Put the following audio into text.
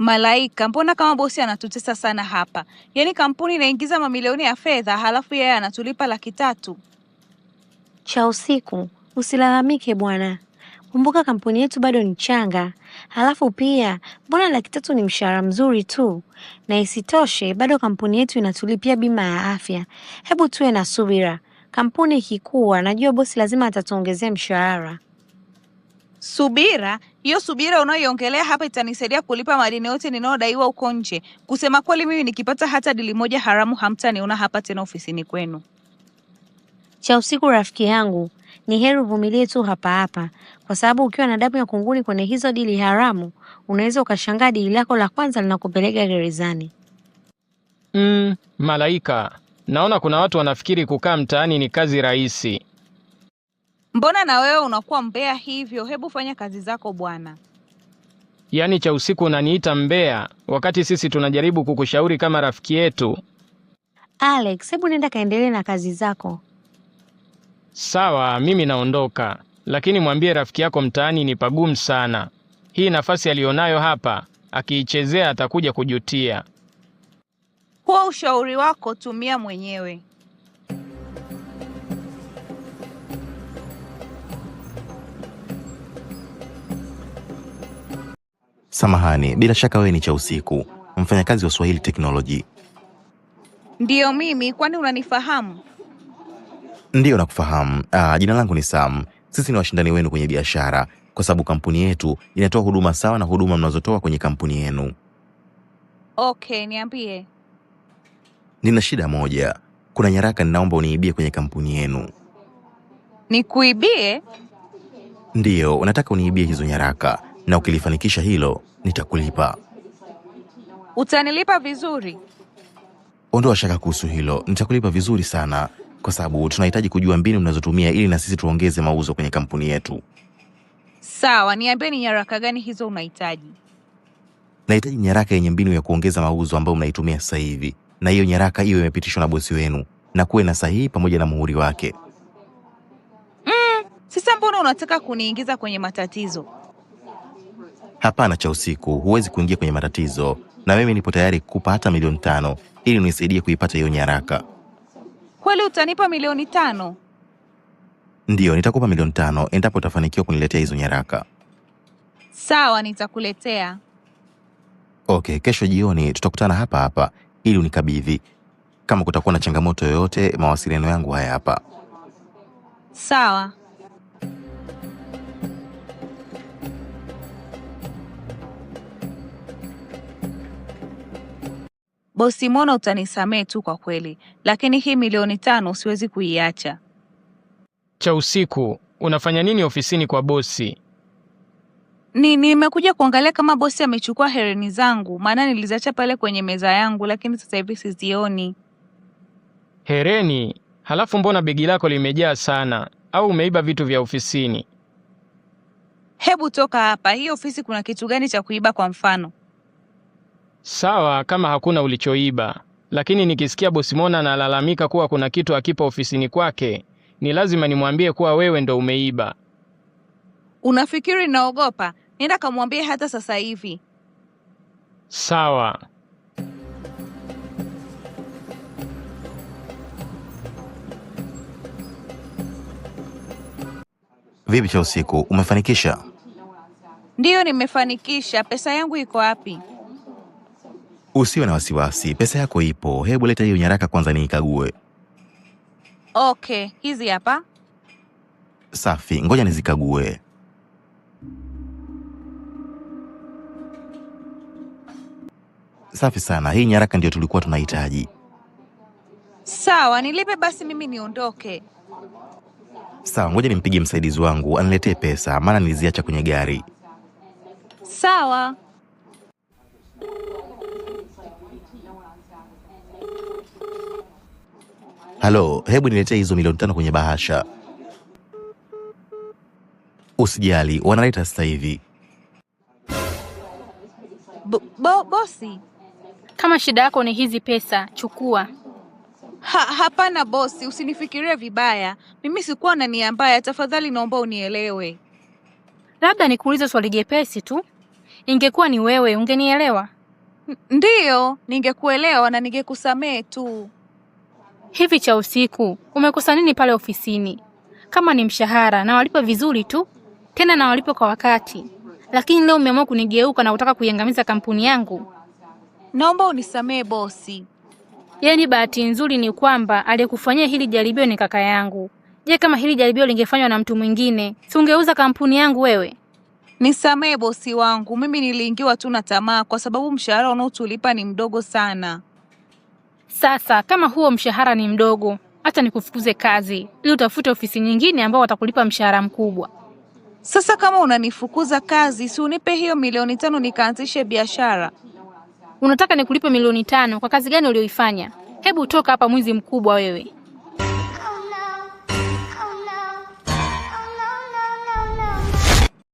Malaika, mbona kama bosi anatutesa sana hapa? Yaani kampuni inaingiza mamilioni ya fedha, halafu yeye anatulipa laki tatu cha usiku. Usilalamike bwana, kumbuka kampuni yetu bado ni changa. Halafu pia mbona laki tatu ni mshahara mzuri tu, na isitoshe bado kampuni yetu inatulipia bima ya afya. Hebu tuwe na subira, kampuni ikikua, najua bosi lazima atatuongezea mshahara subira hiyo subira unayoiongelea hapa itanisaidia kulipa madeni yote ninayodaiwa huko nje. Kusema kweli, mimi nikipata hata dili moja haramu hamtaniona hapa tena ofisini kwenu. Cha usiku, rafiki yangu, ni heri uvumilie tu hapa hapa, kwa sababu ukiwa na damu ya kunguni kwenye hizo dili haramu, unaweza ukashangaa dili lako la kwanza linakupeleka gerezani. Mm, Malaika, naona kuna watu wanafikiri kukaa mtaani ni kazi rahisi. Mbona na wewe unakuwa mbea hivyo? Hebu fanya kazi zako bwana. Yaani cha usiku unaniita mbea wakati sisi tunajaribu kukushauri kama rafiki yetu. Alex, hebu nenda kaendelee na kazi zako. Sawa, mimi naondoka, lakini mwambie rafiki yako mtaani ni pagumu sana. Hii nafasi aliyonayo hapa akiichezea atakuja kujutia. Huo ushauri wako tumia mwenyewe. Samahani, bila shaka wewe ni cha usiku, mfanyakazi wa Swahili Technology. Ndiyo mimi, kwani unanifahamu? Ndiyo nakufahamu. Ah, jina langu ni Sam. Sisi ni washindani wenu kwenye biashara, kwa sababu kampuni yetu inatoa huduma sawa na huduma mnazotoa kwenye kampuni yenu. Okay, niambie. Nina shida moja, kuna nyaraka ninaomba uniibie kwenye kampuni yenu. Nikuibie? Ndiyo, unataka uniibie hizo nyaraka, na ukilifanikisha hilo nitakulipa. Utanilipa vizuri? Ondoa shaka kuhusu hilo, nitakulipa vizuri sana, kwa sababu tunahitaji kujua mbinu mnazotumia ili na sisi tuongeze mauzo kwenye kampuni yetu. Sawa, niambie ni nyaraka gani hizo unahitaji? Nahitaji nyaraka yenye mbinu ya kuongeza mauzo ambayo mnaitumia sasa hivi, na hiyo nyaraka iwe imepitishwa na bosi wenu na kuwe na sahihi pamoja na muhuri wake. Mm, sasa mbona unataka kuniingiza kwenye matatizo? Hapana cha usiku, huwezi kuingia kwenye matatizo, na mimi nipo tayari kukupa hata milioni tano ili unisaidie kuipata hiyo nyaraka. Kweli utanipa milioni tano? Ndiyo, nitakupa milioni tano endapo utafanikiwa kuniletea hizo nyaraka. Sawa, nitakuletea. Okay, kesho jioni tutakutana hapa hapa ili unikabidhi. Kama kutakuwa na changamoto yoyote, mawasiliano yangu haya hapa. Sawa. Bosi Mona, utanisamee tu kwa kweli, lakini hii milioni tano siwezi kuiacha. Cha usiku unafanya nini ofisini kwa bosi? Ni nimekuja kuangalia kama bosi amechukua hereni zangu, maana niliziacha pale kwenye meza yangu, lakini sasa hivi sizioni. Hereni? Halafu mbona begi lako limejaa sana? Au umeiba vitu vya ofisini? Hebu toka hapa! Hii ofisi kuna kitu gani cha kuiba? Kwa mfano Sawa kama hakuna ulichoiba, lakini nikisikia bosi Mona analalamika kuwa kuna kitu akipa ofisini kwake, ni lazima nimwambie kuwa wewe ndo umeiba. Unafikiri naogopa? Nenda kamwambie hata sasa hivi. Sawa. Vipi cha usiku, umefanikisha? Ndiyo, nimefanikisha. Pesa yangu iko wapi? Usiwe na wasiwasi, pesa yako ipo. Hebu leta hiyo nyaraka kwanza niikague. Okay, hizi hapa. Safi, ngoja nizikague. Safi sana, hii nyaraka ndio tulikuwa tunahitaji. Sawa, nilipe basi mimi niondoke. Sawa, ngoja nimpige msaidizi wangu aniletee pesa, maana niliziacha kwenye gari. Sawa. Halo, hebu niletee hizo milioni tano kwenye bahasha. Usijali, wanaleta sasa hivi. Bo, bosi, kama shida yako ni hizi pesa, chukua. Ha, hapana bosi, usinifikirie vibaya. Mimi sikuwa na nia mbaya, tafadhali naomba unielewe. Labda nikuulize swali jepesi tu, ingekuwa ni wewe ungenielewa? Ndiyo, ningekuelewa na ningekusamehe tu. Hivi cha usiku umekosa nini pale ofisini? Kama ni mshahara na vizuri tu, tena na kwa wakati, lakini leo umeamua kunigeuka na kutaka kuiangamiza kampuni yangu. Naomba unisamehe bosi. Yaani bahati nzuri ni kwamba aliyekufanyia hili jaribio ni kaka yangu. Je, kama hili jaribio lingefanywa na mtu mwingine, si ungeuza kampuni yangu wewe? Nisamehe bosi wangu, mimi niliingiwa tu na tamaa, kwa sababu mshahara unaotulipa ni mdogo sana. Sasa kama huo mshahara ni mdogo, hata nikufukuze kazi ili utafute ofisi nyingine ambao watakulipa mshahara mkubwa. Sasa kama unanifukuza kazi, si unipe hiyo milioni tano nikaanzishe biashara. Unataka nikulipe milioni tano kwa kazi gani ulioifanya? Hebu toka hapa, mwizi mkubwa wewe!